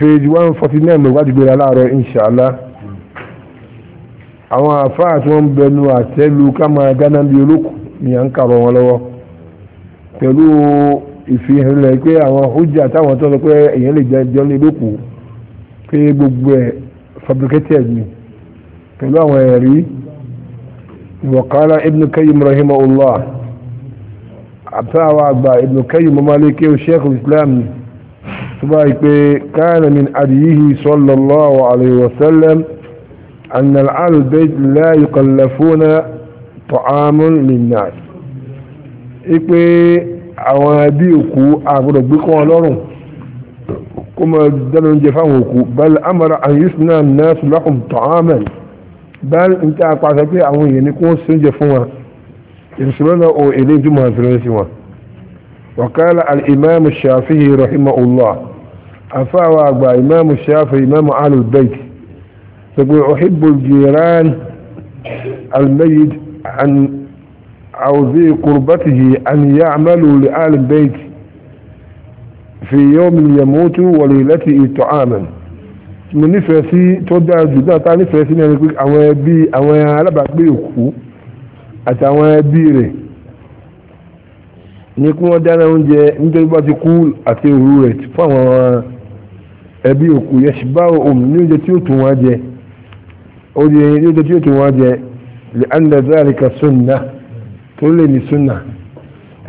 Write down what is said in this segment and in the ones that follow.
page one forty nine ló wájú gbéra láàárọ̀ inshàlá àwọn àfáà tí wọ́n ń bẹnu àtẹ́lu ká máa gánà bí olókù ni à ń kàrọ̀ wọn lọ́wọ́ pẹ̀lú ìfihàn rẹ̀ pé àwọn hujja táwọn tó lọ pé èèyàn lè jẹjọ́ ní olókù pé gbogbo ẹ̀ fabricated ni pẹ̀lú àwọn ẹ̀rí waqala ibn kayyim rahimahullah àtàwọn àgbà ibn kayyim maliki sheikh islam ni. سبايك كان من أديه صلى الله عليه وسلم أن العال لا يكلفون طعام للناس ipe àwọn ẹbí òkú àgbọ̀dọ̀ gbé kọ́ ọlọ́run kó mọ dáná oúnjẹ fáwọn òkú bẹ́ẹ̀ amara àyíṣúná náà sùlákùn tọ́hámẹ́n bẹ́ẹ̀ ń tẹ́ apàṣẹ pé àwọn èèyàn ní kó ń fún wa ìṣúná ò èlé ìjùmọ̀ àti sí wọn وقال الإمام الشافعي رحمه الله أفاوى أبا إمام الشافعي إمام أهل البيت يقول أحب الجيران الميت أن أو ذي قربته أن يعملوا لآل البيت في يوم يموت وليلته طعاما من نفسي تودع tó dára jù náà ta nífẹ̀ẹ́ sí ní ẹni pé àwọn n'i kí wọ́n dáná oúnjẹ nítorí bá ti kú àti òru rẹ̀ fún àwọn ẹbí òkú yẹn ṣùgbọ́n òun ní oúnjẹ tí ó tún wọ́n jẹ oúnjẹ ní oúnjẹ tí ó tún wọ́n jẹ lè anda sunna tó lè ní sunna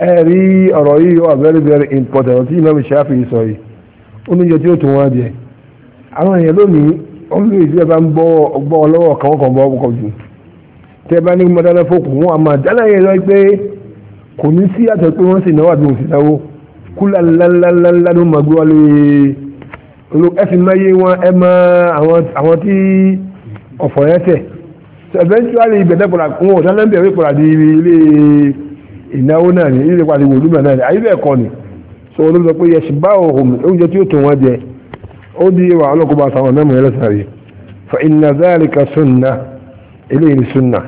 ẹ rí ọ̀rọ̀ yìí wà very very important sọ yìí oúnjẹ tí ó tún wọ́n jẹ àwọn èèyàn lónìí wọ́n lè fi ẹ̀bá ń lọ́wọ́ kọ̀ọ̀kan kò ní sí àtẹ pé wọ́n sì náwó àbí òun sì náwó kúlà ńláńláńlá ló máa gbé wá lé ẹ fi máa yé wọn ẹ mọ àwọn tí ọ̀fọ̀ yẹn tẹ̀ eventually ìgbẹ̀dẹ̀ pọ̀lá wọn ò sálẹ́ ń bẹ̀rẹ̀ pọ̀lá di ilé ìnáwó náà ní ilé pàdé wòlúmọ̀ náà ní ayé bẹ́ẹ̀ kọ́ ni so olóòtú sọ pé yẹsì bá òhùn oúnjẹ tí ó tó wọn jẹ ó di ìwà ọlọ́kọ̀ọ́bà àtàwọn mẹ́mọ̀ yẹn lọ́sàrí fa inna zalika sunna ilé ìrì sunna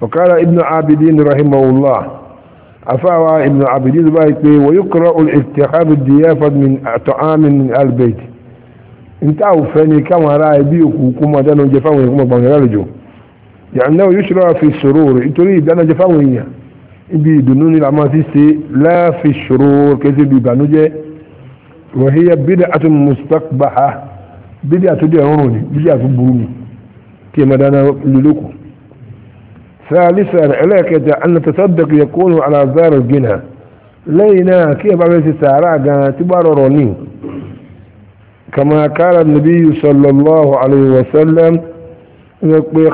ọ̀kára ibn abidin rahimahullah أفاوى ابن عبدين بايكي ويقرأ الاتخاب الضيافة من طعام من البيت انت أوفاني كما رأي بيكو كما دانو جفاوي كما بانجارجو لأنه يشرع في السرور يتريد دانو جفاوي ibi ìdùnnú ni làmọ́ ti ṣe láàfin ṣòro kẹsí ibi ìbànújẹ́ wọ̀híyà bídà àti mustaqbaha bídà àti dẹ̀ ọ̀rùn ni bídà àti burú ni kí ẹ máa dáná lílókùn ثالثا عليك أن تصدق يكون على دار الجنة لينا كيف عمل سارع تبارو كما قال النبي صلى الله عليه وسلم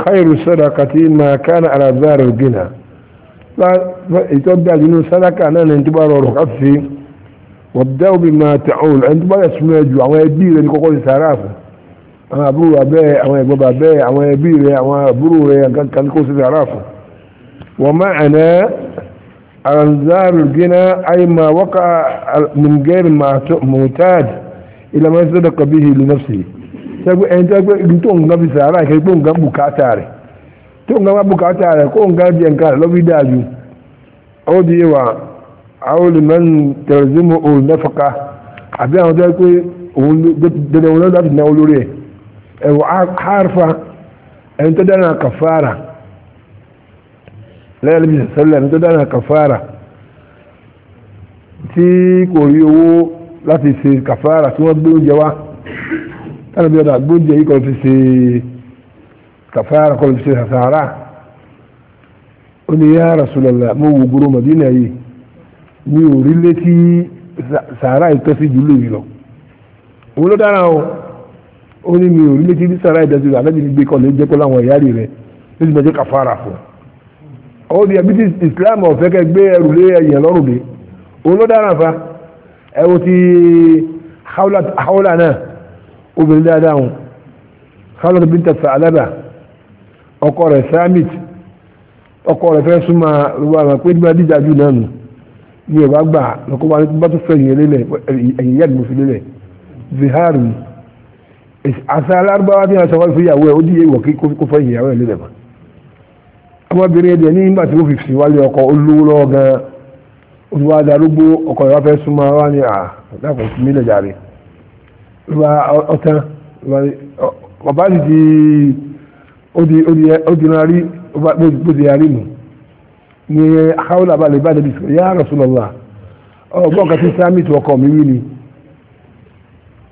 خير صدقة ما كان على دار الجنة يتبع جنو صدقة أنا انتبار رخصي وابدأوا بما تعول انتبار اسمه جوا ويدير انكو قول سارعه àwọn àbúrò abẹ́ àwọn ẹ̀gbọ́n bàbẹ́ àwọn ẹbí rẹ̀ àwọn àbúrò rẹ̀ kankan kó síbi aráàfù wọ́n má ẹ̀nà aranzaru gina aima waka mungeri mutad ilama sadaka bihi li nafsi sẹ́gbẹ́ ẹni tẹ́gbẹ́ ibi tó ń gan fi sàárà kẹ́ pé nǹkan bùkátà rẹ̀ tó ń gan wá bùkátà rẹ̀ kó nǹkan jẹ nǹkan rẹ̀ lọ́bí dáa ju ẹ̀wọ̀ harfa ẹni tó dára kàfàrà lẹ́yìn bí sẹ́lẹ̀ ẹni tó dára kàfàrà tí kò rí owó láti ṣe kàfàrà tí wọ́n gbé oúnjẹ wá tánà bí ọ̀dà gbóúnjẹ yìí kọ́ ti ṣe kàfàrà kọ́ ti ṣe sàrà ó ní yá Rasulullah mo wò gbòòrò Madina yìí mi ò rí létí sàrà ìtọ́sí jùlọ yìí òun ló dára o ó ní mi ò rí létí ní sàrà ìdájọ́ rẹ̀ anábì ní gbé kọ́ lè jẹ́ kó láwọn ìyá rẹ̀ ló ti kàfàrà fún un. ó ní ẹbí tí Islam ọ̀fẹ́ kẹ gbé ẹrù lé ẹ̀yẹ̀ lọ́rùn lé òun ló dára fa ẹ wo ti haula náà obìnrin dáadáa hùn haula tó bí ń tẹ̀sà alábà ọkọ rẹ̀ samit ọkọ rẹ̀ fẹ́ súnmọ́ lọ́wọ́ àwọn pé nígbà dídá jù náà nù ní ọba gbà lọ́kọ́ wa bá tó fẹ́ ìyẹn lélẹ̀ ẹ̀yìn yàgbọ́n àṣà alárúbáwá tí wọ́n sọ wọ́n fi ìyàwó ẹ̀ ó díye wọ̀ kí kó fẹ́ ìyàwó ẹ̀ lébẹ̀ mọ́ ọmọbìnrin ẹ̀dẹ̀ ní nígbà tí ó fi fi wálé ọkọ olówó lọ́wọ́ gan-an olùwà darúgbó ọkọ ìwà fẹ́ súnmọ́ wá ní àdàpọ̀ fún mi lẹ́jàre olùwà ọ̀tán bàbá ti di odìran rí bó ti yarí mu ní akáwọ́lá balẹ̀ bá dẹ̀bi sọ̀rọ̀ yá Rasulullah ọgbọ́n kan tí sáà mi tó ọkọ mi wí ni.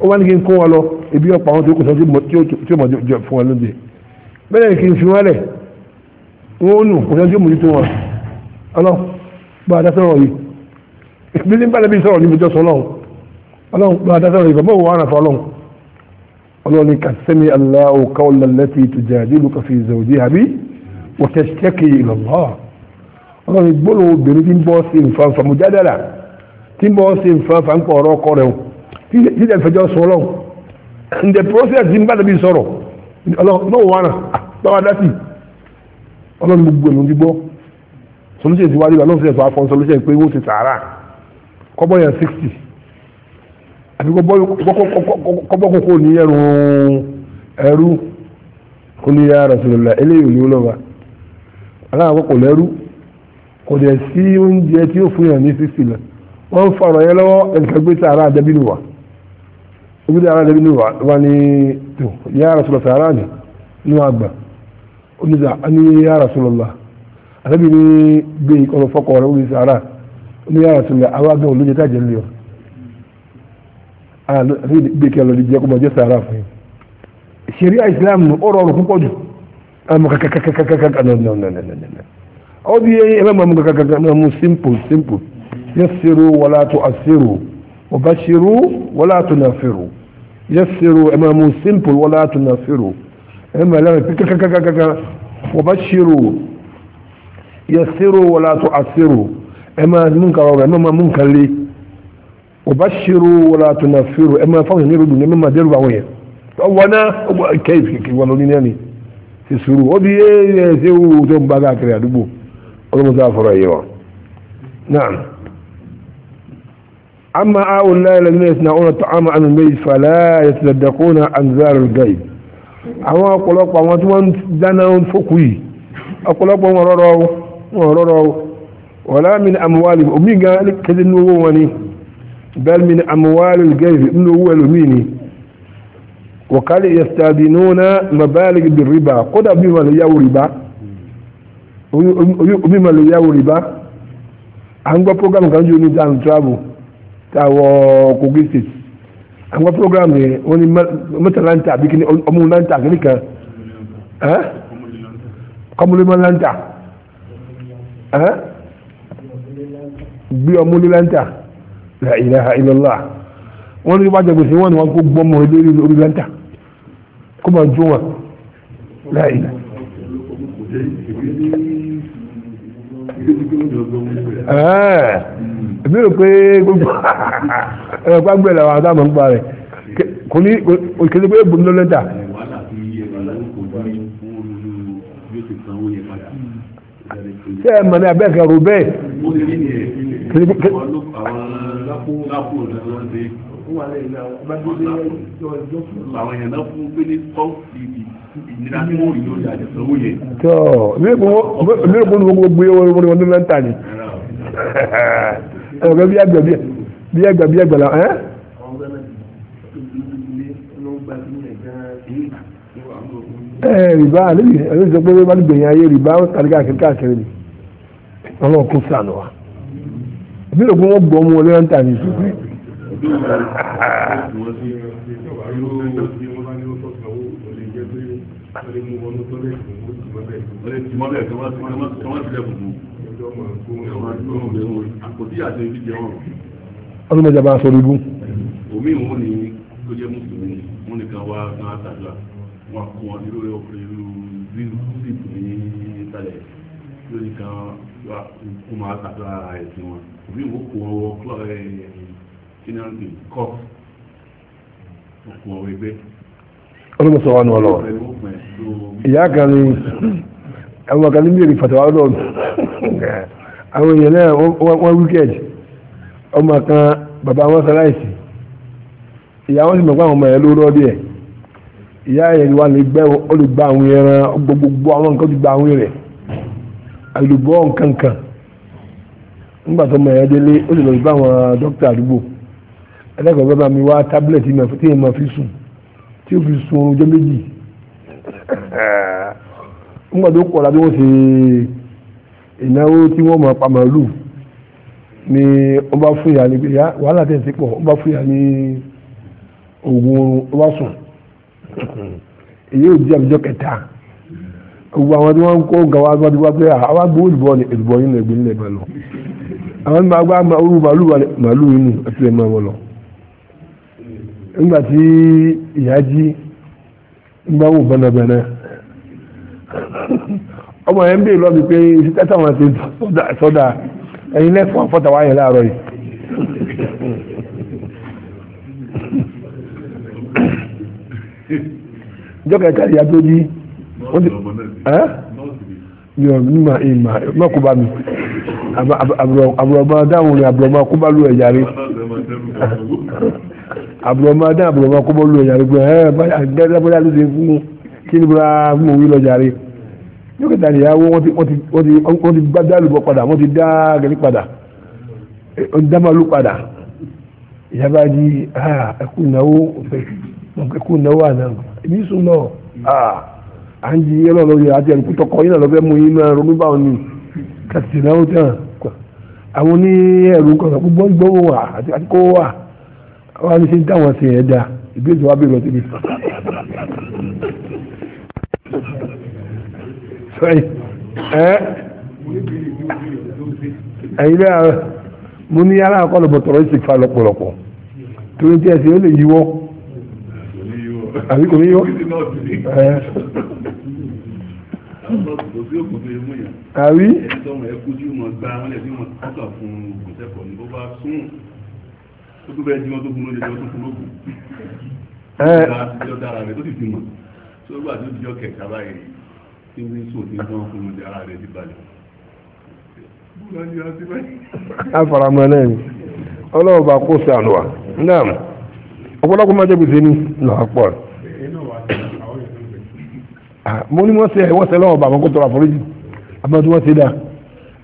ó wá ní kí n kó wọn lọ ebi ọ̀pọ̀ àwọn tó kù sọ tí ó mọ̀ jọ fún wọn lóde bẹ́ẹ̀ ni kí n fi wọn lẹ̀ wọn ó nù kò sọ tí ó mọ̀ tó wọn ọlọ bá a dá sọ̀rọ̀ yìí ìpínlẹ̀ ní bàdàbí sọ̀rọ̀ ní ìjọsọ ọlọ́run ọlọ́run bá a dá sọ̀rọ̀ yìí bàbá òun àràfà ọlọ́run ọlọ́run ni kàtẹ́mi aláwọ̀ káwọlá lẹ́tì tujadiluka fi zawjiha bi wa tashtaki tí ẹ̀ fẹjọ́ sọ ọlọ́run in the process ní bá dàbí sọ̀rọ̀ ọlọ́run wà náà báwa dá sí ọlọ́run gbogbo ẹ̀mí ti solution ti wájú ọlọ́run sì ẹ̀sọ́ afọ́n solution ti sixty àti ya rasulila eléyìí kò kò sí oúnjẹ tí fún yàn ní ẹnìkan gbé ogun ara nabi nuwa wa ni to ya rasulullah tara ni nuwa gba oniza ani ya rasulullah anabi ni gbe ikọlọ fọkọ rẹ orí sara ni ya rasulullah awa gan olóye ká jẹ lóyọ anabi gbe kẹlọ lè jẹ kó mọ jẹ sara fún yìí sẹríà islam ó rọrùn púpọ̀ jù àmọ́ kàkàkàkàkàkà nọ̀nọ̀nọ̀nọ̀nọ̀ ó bí ẹ ẹ bá mọ̀ mọ̀ kàkàkàkà mọ̀ simple simple yẹ sẹ́rù wọlá tó a sẹ́rù. وبشروا ولا تنفروا يسروا اما مو سمبل ولا تنفروا اما لا وبشروا يسروا ولا تعسروا اما منكر اما منكر لي وبشروا ولا تنفروا اما فهم يردون اما ديروا بعوية وانا كيف كيف وانا يعني يسروا سروا ودي ايه سيو تنبغا كريا دبو ولمزافر ايوان نعم أما هؤلاء الذين يصنعون الطعام عن الميت فلا يتصدقون أنذار الغيب àwọn ọ̀pọ̀lọpọ̀ àwọn tí wọ́n dáná fòkú yìí ọ̀pọ̀lọpọ̀ wọn rọ́rọ́ wọn rọ́rọ́ wala min amwali omi gan kéde ní owó wọn ni bal min amwali gẹ́ẹ̀fì ní owó ẹlòmí ni wọ̀kálẹ̀ yastadinuna mabalig bir riba kódà bí wọn lè yáwó riba omi wọn lè riba à ń gbọ́ kan jù dan travel táwọ kogi state àwọn program yẹn wọ́n ní mẹ́ta lanta àbí kí ni ọmọ lanta kìíní kan kọmúlémọ lanta gbé ọmọlé lanta la ilaha illallah wọ́n ní wájà gbèsè wọ́n ní wọ́n kó gbọ́mọ lórí orí lanta kó máa jó wọn la ilaha. Ah èmi rò pé gbogbo ẹ̀rọ gbàgbé ẹ̀rọ àwọn àdámọ̀ ń pa rẹ̀ kò ní òkèlè pé èbò ń lọ ṣé ẹ mọ̀ ní abẹ́ kan bẹ́ẹ̀. Àwọn èèyàn náà fún pé ní ọ́ọ̀sì ìnira tí wọ́n rí lórí àjẹsánwó yẹn. mí ò kún ní gbogbo gbé wọn ní wọn ní lẹ́ńtà ni. ẹ̀rọ bí ẹgbẹ̀ bí ẹgbẹ̀ bí ẹgbẹ̀ la ẹ́. ẹ rìbá àlébi ẹ̀rọ sọ pé wọ́n bá gbẹ̀yìn ayé rìbá ó tàbí káàkiri káàkiri ni ọlọ́run kò sànù wa bí lóògùn wọn gbọ́ ọmọ ọlẹ́yà ń tà ní ìsúkú. Thank you ọdún mẹ́jọ bá a sọ̀rọ̀ ibú. omi ìwọ̀n ni tó jẹ́ mùsùlùmí wọn nìkan wá gan àtàdúrà wọn kún ọ nílò ọkùnrin ìlú zip ní ìsàlẹ̀ tó nìkan wá kó máa tàdúrà ẹ̀sìn wọn omi ìwọ̀n kún ọwọ́ club ẹ̀ kínáǹtì cup ọwọ́ ẹgbẹ́. ọdún mẹ́sàn wà ní ọlọ́wọ́ ìyá kan ní ẹ̀wọ̀n kan ní bí èrè fàtàwá àwọn èèyàn náà wọ́n wíkẹ́d ọmọ kan bàbá wọn sọláìsì ìyá wọn sì mọ̀ àwọn ọmọ yẹn ló rọ́ ẹ̀ ìyá yẹn wà ní gbẹ́ olùgbà àwọn ẹran àwọn nǹkan ti gba àwọn rẹ̀ àlùbọ́ nǹkan nígbà tó ọmọ yẹn délé ó lọ àwọn dókítà àdúgbò ẹlẹ́kọ̀ọ́ bàbá mi wá tábìlẹ̀tì mi máa fi sùn tí fi méjì nígbà tó kọ̀ ọ́ ìnáwó tí wọ́n máa pa màálù ni wọ́n bá fún ìyá ní pé wàhálà tẹ̀ sí pọ̀ wọ́n bá fún ìyá ní oògùn oorun wọ́n bá sùn èyí ò di àbújọ kẹta gbogbo àwọn tí wọ́n ń kó gawa gbọ́dọ̀ wá pé àwọn agbóhùn ìbọn ni ìbọn yìí lẹ́gbẹ̀ẹ́ nílẹ̀ bá lọ àwọn tí máa gbá orú màálù wà màálù yìí nù ẹtù ẹ̀ máa wọ̀ lọ. nígbà tí ìyá jí ń bá wò bánabaná ọmọ ẹ̀ ń bèèrè lọ́bi pé iṣẹ́ tẹ́tà wọn ti sọ́dà ẹ̀yin lẹ́fọ̀n fọ́tà wáyé láàárọ̀ yìí. ìjọ kẹta ìyá tó jí yọ nígbà ìmà mọ́kùbá mi àbùrọ̀mọ́ dáhùn rẹ̀ àbùrọ̀mọ́ kúbá lù ẹ̀yà rẹ̀ àbùrọ̀mọ́ dáhùn àbùrọ̀mọ́ kúbá lù ẹ̀yà rẹ̀ gbọ́n ẹ̀ báyà dẹ́gbẹ́ bóyá ló ti fún kí ni bóyá mú wí lọ jàre yóò kẹta níyàwó wọ́n ti gbá dálùbọ̀ padà wọ́n ti dá gẹ̀rí padà dámàlú padà ìyàbá di ẹkú ìnáwó ẹkú ìnáwó àná èmi sùn lọ à ń di ẹlọ́ lórí àti ẹnìkú tọkọ yìí náà lọ́fẹ́ mú yín náà ronú báwọn ni kàtìtì náà ó tàn àwọn ní ẹrù kọ̀ọ̀kan gbogbo gbówó wà àti kó wà wọ́n á ní ṣe ń dáwọn ẹ̀dá ìbéèrè wa bèèrè ọtí mi. ẹ̀yin náà mo ní yàrá àkọlùbọ̀ tọrọ ìsìnkú lọ́pọ̀lọpọ̀ torí tí ẹ̀sìn ó lè yíwọ́ àbí kò ní yíwọ́ àbí. Ẹ ẹ. Ìjọ dára tí ń sùn tí wọ́n fún un dára rẹ̀ ti balẹ̀. afaramọ́ náà ni ọlọ́run bá kó sànù wa náà ọ̀pọ̀lọpọ̀ máa jẹ́ gbèsè ní lọ́pọ̀ mo ní wọ́n ṣe wọ́n ṣe lọ́wọ́ bá àwọn kó tọrọ àforíjì àmọ́ tí wọ́n ṣe dáa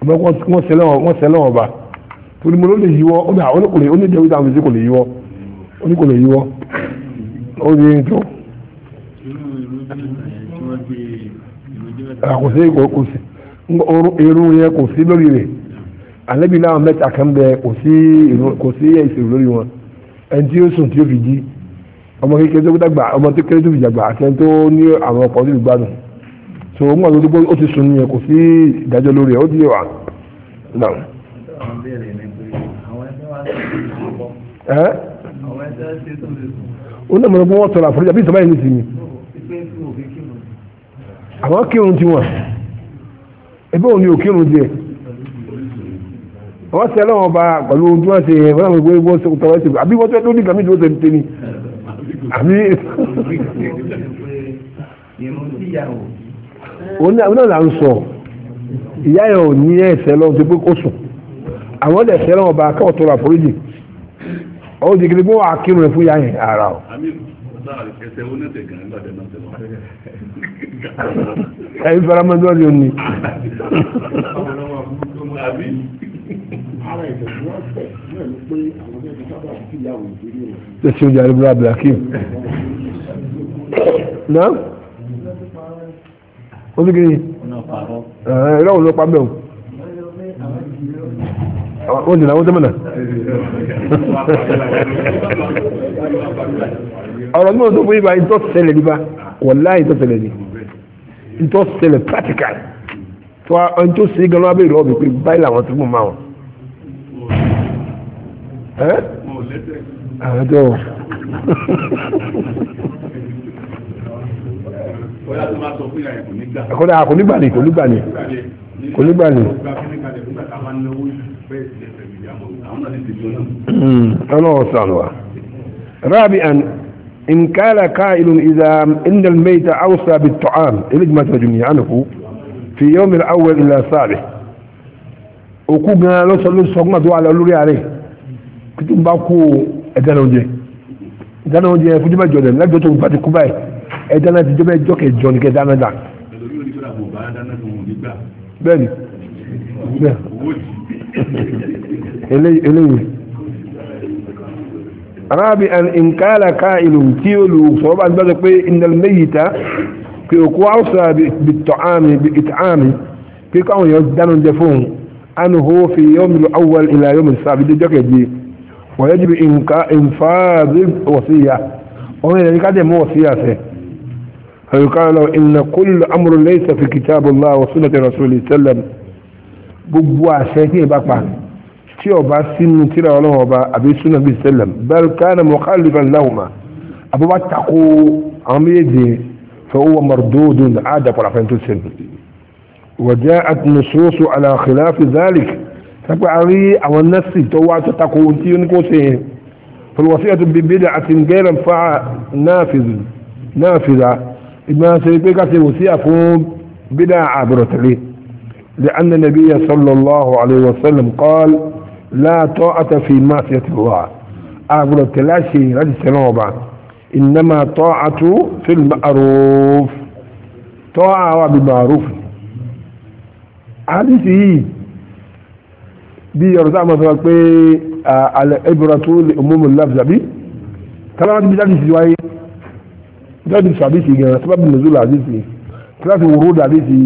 àmọ́ wọ́n ṣe lọ́wọ́ wọ́n ṣe lọ́wọ́ bá torí mo ló lè yíwọ́ ó ní àwọn oníkòlè sí kò lè yíwọ́ oníkòlè yíwọ́ ó ní tó. àkòsí kò sí irun yẹn kò sí lórí rẹ̀ alẹ́bí náà mẹ́ta kan kemgbe kò sí ìṣòro lórí wọn ẹni tí ó sùn fi ọmọ kékeré tó dàgbà ọmọ tó kéré tó fi dàgbà àti ẹni tó ní àwọn ọkọ̀ tó gbádùn so ń wà lórí ó ti sùn kò sí ìdájọ́ lórí ó ti yẹ wà ó mọ̀ ní wọ́n sọ̀rọ̀ àwọn kírun ti wọn ẹgbẹ́ òní ò kírun jẹ wọ́n tẹ lọ́wọ́ bá pẹ̀lú ohun tí wọ́n ṣe ẹ̀fọ́n àwọn ìwé ìwọ́n sọ̀tọ̀ wọ́n ṣe àbí wọ́n tẹ́ tó ní gàmí tó ṣe ń tẹ́ ni àbí. òun náà là ń sọ ìyá yẹn ò ní ẹ̀ṣẹ̀ lọ́wọ́ tó pé kó sùn àwọn ẹ̀ṣẹ̀ lọ́wọ́ bá káwọ̀ tó ra foríjì ọ̀hún jẹ́ kí ni bí wọ́n á kírun rẹ̀ fún ìyá yẹn ara o ẹsẹ̀ wọn ẹsẹ̀ gan nígbà tẹ̀ náà tẹ̀ wọ́n. ẹ̀yin faramọ́jọ́ ni o ní. àbí. ara ẹ̀jẹ̀ tí wọ́n fẹ̀ náà ni pé àwọn ẹgbẹ́ ti sábà sí ìyàwó ìdílé rẹ̀. ṣé Abdulhakeem. náà ó ní kí ni. ẹ̀rọ òun ló pa bẹ́ẹ̀ o ó jìnnà àwọn tẹ́mọ̀nà ọ̀rọ̀ náà tó fún ibà ìtọ́ ṣẹlẹ̀ nípa wọ̀láì ìtọ́ ṣẹlẹ̀ ní ìtọ́ ṣẹlẹ̀ practical tó ọ̀n tó ṣe gan lábẹ́ ìlú ọ̀bì pé báyìí làwọn tó gbọ̀n máa wọn. àwọn tó wọ. kódà kò nígbà ni kò nígbà ni kò nígbà ni. ọlọ́run sàn wá. رابعا إن كان قائل إذا إن الميت أوصى بالطعام إلجمة جميع عنه في يوم الأول إلى الثالث وكوبنا لوصل للصغمة دعا لوري عليه كتب باكو أدانا وجه أدانا وجه كنت جودن لا جوتو باتي كوباي أدانا تجمع جوكي جون كدانا دا بني إليه إليه rábí an ìǹkàlà káàìlù tí ó lù sọ bá gbọ́dọ̀ pé ìnàlmẹ́yìta pé òkú áwùsà bí tọ́àmì bí ìtààmì pé káwọn èèyàn dánú jẹ fóun anuhu fi yọmi lu awwal ila yọmi sábì dé jọkẹjì wọ́n yẹ jìbì ìǹfààbí wọ̀síyà wọ́n yẹ ní kájẹ̀ mú wọ̀síyà sẹ́ فيقال له إن كل أمر ليس في كتاب الله وسنة رسوله صلى الله عليه وسلم بوا شيء بقى tí ọba sínú tíra ọlọ́wọ́ ọba àbí súnà bíi sẹlẹm bẹ́ẹ̀ káàna mọ̀kálífà láwùmá àbúbá takò àwọn méjèèjì fẹ́wọ́ mọ̀rọ̀dọ́dọ́ ní àdà pàràfẹ́ tó sẹ́nu wọ̀jẹ́ àtúnṣoṣo aláxìláfi zálìk sápẹ́ àrí àwọn nọ́ọ̀sì tó wá tó takò tí ó ní kó ṣe yẹn fọlọ́wọ́sí ẹ̀tọ́ bíbí dà àti gẹ́rẹ̀ fa náàfìdá ìgbọ́n ṣe pé ká ṣe wò sí àfún bídà àbúrọ̀tẹ̀lẹ̀ لأن النبي صلى الله عليه وسلم قال لا طاعة في معصية الله أقول لا شيء لا تسلوبا إنما طاعة في المعروف طاعة بالمعروف حديثه bí ọ̀rọ̀ táwọn sọ pé ẹbùrọ̀ tó lè mọ́mọ́ lábìsàbí tàbí bí jáde sí wáyé jáde sí àdísì gan sábàbí nìzúlà àdísì kíláàsì wòró dàdísì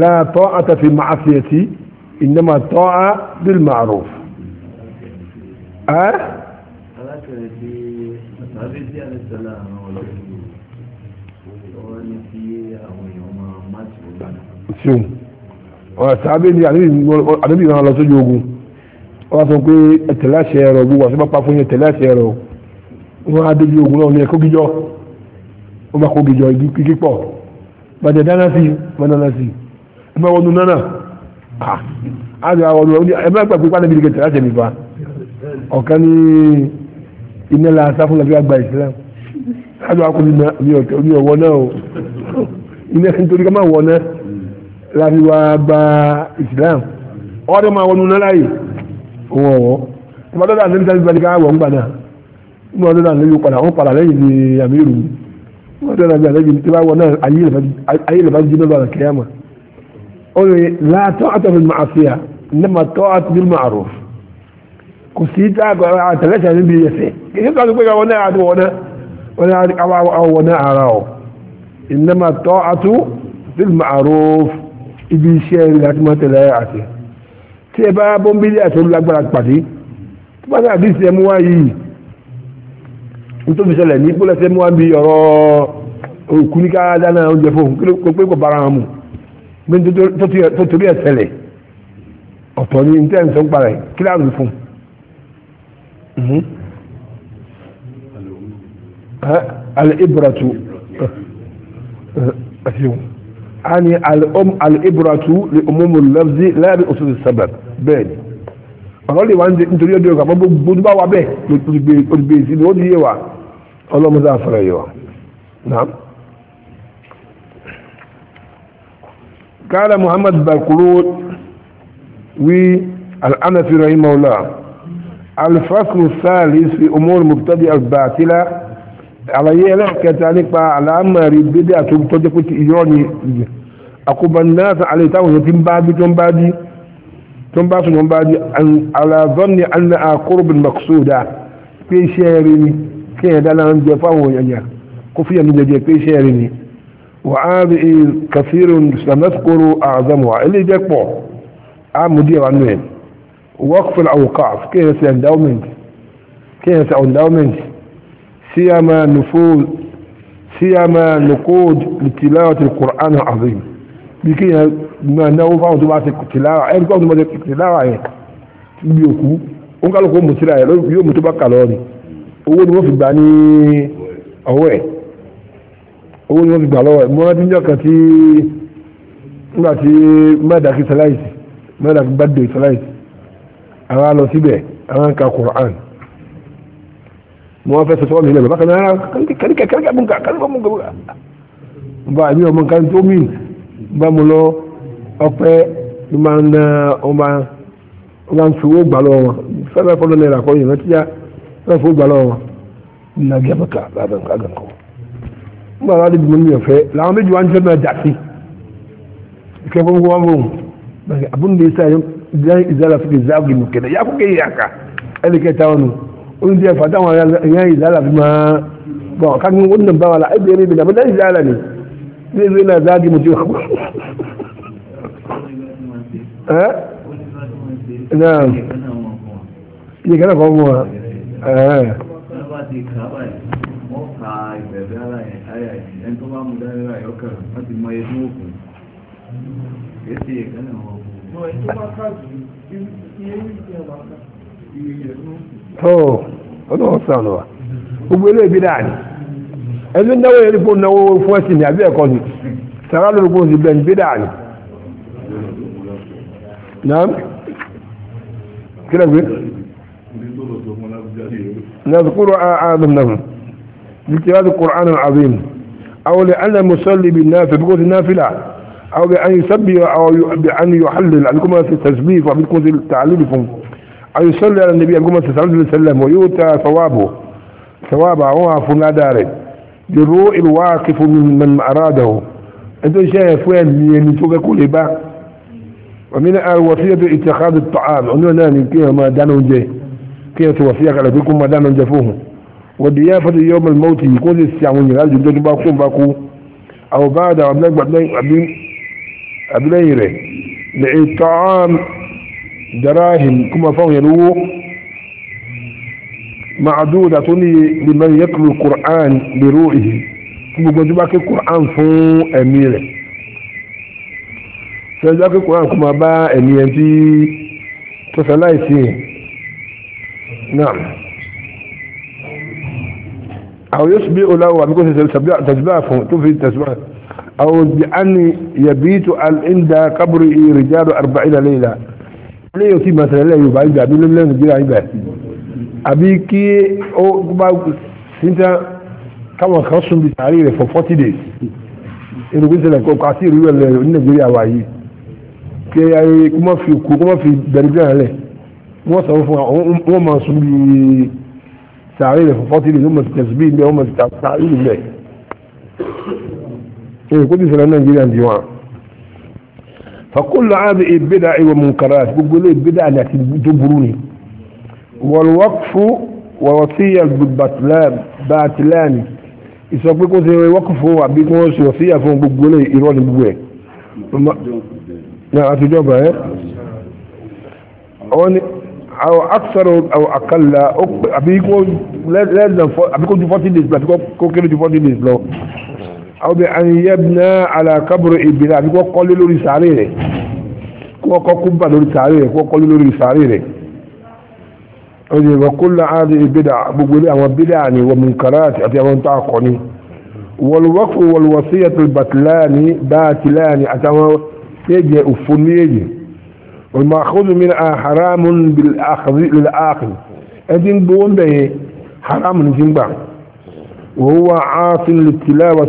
láàtọ́ àtàfin máa fi ẹ̀tí إنما الطاعة بالمعروف أه؟ ṣeun ọ̀rọ̀ sàábé ni àdébì náà lọ sójú ogun wọ́n sọ pé ẹ̀tẹ̀lẹ́ àṣẹ ẹ̀rọ gbogbo àti pápá fún ẹ̀tẹ̀lẹ́ àṣẹ ẹ̀rọ wọ́n á débi ogun náà ní ẹ̀kọ́ gíjọ́ wọ́n bá kó gíjọ́ igi pọ̀ bàjẹ́ dáná sí bàjẹ́ dáná sí ẹ bá wọnú náà àbí àwọn ọdún ẹgbẹ́ pẹ̀ pípa níbi ìgbẹ̀tẹ̀ láti ẹ̀mí fa ọ̀kan ní iná la sá fún lọ́gbẹ́ àgbà ìsìlẹ̀ àbí àwọn akọni mi ò wọ́n náà o iná nítorí ká máa wọ́n náà láti wá gba ìsìlẹ̀ ọdún máa wọnú náà láàyè òun ọ̀wọ́ tí wọ́n dọ́dọ̀ àti níbi sábẹ́ ká wọ̀ ń gbà náà tí wọ́n dọ́dọ̀ àti níbi padà wọ́n padà lẹ́yìn ní àmì ìrù wọ́n dọ́dọ̀ àti níbi tí wọ́n wọ́n náà ayé ìlẹ̀fà jí náà lọ́dọ̀ kẹ́yàmà قل لا طاعة بالمعصية إنما الطاعة بالمعروف كسيتا تلاشى من بيسي كيف قالوا بقى وانا عاد وانا وانا عاد او وانا عراو إنما الطاعة بالمعروف ibi iṣẹ́ ìlàtúmọ̀ tẹ̀lé àti tí ẹ bá bọ́m̀bílì àti olùlágbára pàdé tí bá sáà díìsì ẹmú wá yìí nítorí ìṣẹ̀lẹ̀ ní pọ́lẹ́sẹ̀ mú wá bí ọ̀rọ̀ òkú ní ká dáná oúnjẹ fóun kí ló pé kò bára wọn mu gbé tó torí ẹ̀sẹ̀lẹ̀ ọ̀tọ̀ mhm. ní ní tẹ́ǹsì ń parẹ́ kíláàsì fún al'ibratu ani al'ibratu li umumu lafzi láàbí òṣèlú sábàb bẹ́ẹ̀ ni ọ̀rọ̀ lè wá nítorí ọdún ọkọ̀ àpapọ̀ gbogbo bá wa bẹ́ẹ̀ olùgbèsí ni ó di yé wa ọlọ́mọdé àfẹ́rẹ́ yé wa naam قال محمد بالقلود والأنفي رحمه الله الفصل الثالث في أمور مبتدئة الباطلة على يلح كتالك على أمر بدعة تبتدئ إيراني أقوب الناس على تاوه تنبادي تنبادي تنبادي تنبادي على ظن أنها قرب المقصودة في شهرين كي دلان جفاوه يعني كفية من جفاوه وعابئ كثير سنذكر أعظمها اللي جاك بو عام مدير عنوين وقف الأوقاف كيف سيندومنت كيف سيندومنت سيما نفوذ سيما نقود لتلاوة القرآن العظيم بكي ما نوفا وتبعت تلاوة أين كنت ما تلاوة بيوكو ونقال لكم متلاوة يوم تبقى لوني owó ni wọ́n fi gbà ní ọwọ́ ẹ̀ owó ni wọ́n ti gbà lọ́wọ́ ẹ̀ mọ́ ọdún yọ̀kan tí nígbà tí mẹ́ẹ̀dàkì sẹ́láìsì mẹ́ẹ̀dàkì bàdé sẹ́láìsì àwọn alọ síbẹ̀ àwọn ka Qur'an mọ́ fẹ́ sọ́sọ́ mi lẹ́bẹ̀ bákan náà kàríkà kàríkà mú ká kàríkà mú ká bá àmì ọmọ nǹkan tó mì bá mu lọ ọpẹ́ ló máa ń ọba ọba ń fi owó gbà lọ wọn fẹ́ẹ́ fọ́dọ̀ náírà kọ́ yìí rántí yá fẹ́ẹ́ fowó gbà lọ wọn ní agbẹ́bẹ̀ká lábẹ́ nǹkan àgànkọ́ nígbà wọn adé bìnrin mi ọ̀fẹ́ làwọn méjì wọn fẹ́ máa dàsí ìkẹ́ fún wọn fún un àbúrò ní sáà yẹn ìzálà fún ìzáàgì mi kẹ̀dẹ̀ yà kókè yà ká ẹnì kẹta wọn nù oúnjẹ díẹ̀ fàtà wọn yẹn ìzálà fún máa bọ̀ káàkiri wọn nà bá wà lá ẹbí ẹni bìnrin àbúrò náà ìzálà ni ilé ìwé náà záàgì mi ti wà. ìyẹ̀kẹ́ náà kọ́ fún wa. tó ọlọ́wọ́ sànù wa gbogbo ilé ibi dáa ni ẹni náwó yẹn nípò náwó fún ẹsìn ní àbí ẹ̀kọ́ ni sàrà lórí kò sí bẹ́ẹ̀ ní bí dáa ni. naam kí lóògbé نذكر أعظمهم بكتاب القرآن العظيم أو لأن المصلي بالنافل بقول النافلة أو بأن يسبي أو بأن يحلل عليكم في التسبيح وعليكم في تعليلكم أن يصلي على النبي عليكم صلى الله عليه وسلم ويؤتى ثوابه ثواب عوها فلا داري جروء الواقف من من أراده أنت شايف وين يعني فوق كل با ومن الوصية اتخاذ الطعام أنه ناني نعم، كيف ما دانو جي كيه توصيك على فيكم ما دانو جفوهم وديافة يوم الموت يكون السعون يغالي جدو باكو باكو أو بعد أبنك بعدين àbílẹ̀yìn rẹ̀ lè tọ́án darahim kuma fáwọn yẹn wó ma'adúdà tó ní liman yẹ́kùlù qur'an lè ró ìhì fún gbogbo tó bá ké qur'an fún ẹ̀mí rẹ̀ sẹ́jọ́ ké qur'an kuma bá ẹ̀mí ẹ̀ tí tó fẹ́ láìsí náà àwọn yóò sì bí ọlọ́wọ́ àbíkó ṣe tẹ̀síbá fún tó fi أو بأن يبيت عند قبره رجال أربعين ليلة lè yóò tí ma tẹ̀lé lẹ́yìn yorùbá ibẹ̀ àbí lẹ́yìn nàìjíríà ibẹ̀ àbí kí ó bá síntẹ́ káwọn kan sùn bí sàárì rẹ̀ for forty days irúgbìn tẹ̀lé kó kà sí ìrú rẹ̀ lẹ́yìn ní nàìjíríà wà yìí kí ayé kó má fi kú kó má fi bẹ̀rẹ̀ bí rẹ̀ wọ́n sọ fún wọn máa sùn bí sàárì rẹ̀ for forty days wọ́n máa ti tẹ̀sí bí ilé wọ́n máa ti tà sàárì rẹ̀ kó bí sọ̀rọ̀ nàìjíríà ti wọn. fakulu aadi ibida iwa munkarat gbogbo ilé ibida àti àti tó burú ni. wọlwọkfu wọwọsíyà batilani ìsọ pé kó ṣe wọkfu àbí kó ṣe wọsíyà fún gbogbo ilé irọ́ ní gbogbo ẹ̀. àtijọ́ bẹ̀rẹ̀ àwọn ni àwọn akisaro àwọn akalla àbí kó lẹ́ẹ̀dàn àbí kó ju forty days lọ àbí kó kéré ju forty days lọ aw bi an yabna ala kaburu ibina àbí kó kọ́lé lórí sàárè rẹ̀ kó kọ́ kúbà lórí sàárè rẹ̀ kó kọ́lé lórí sàárè rẹ̀ ó ní wa kullu àdé ibida gbogbo ilé àwọn bídà ni wa munkarati àti àwọn tó àkọ́ ni wọlùwọ́kù wọlùwọ́síyàtò bàtìláàni bàtìláàni àti àwọn méje òfin méje والمأخوذ منها حرام بالآخذ للآخذ أدين بون به حرام نجنبا وهو عاص للتلاوة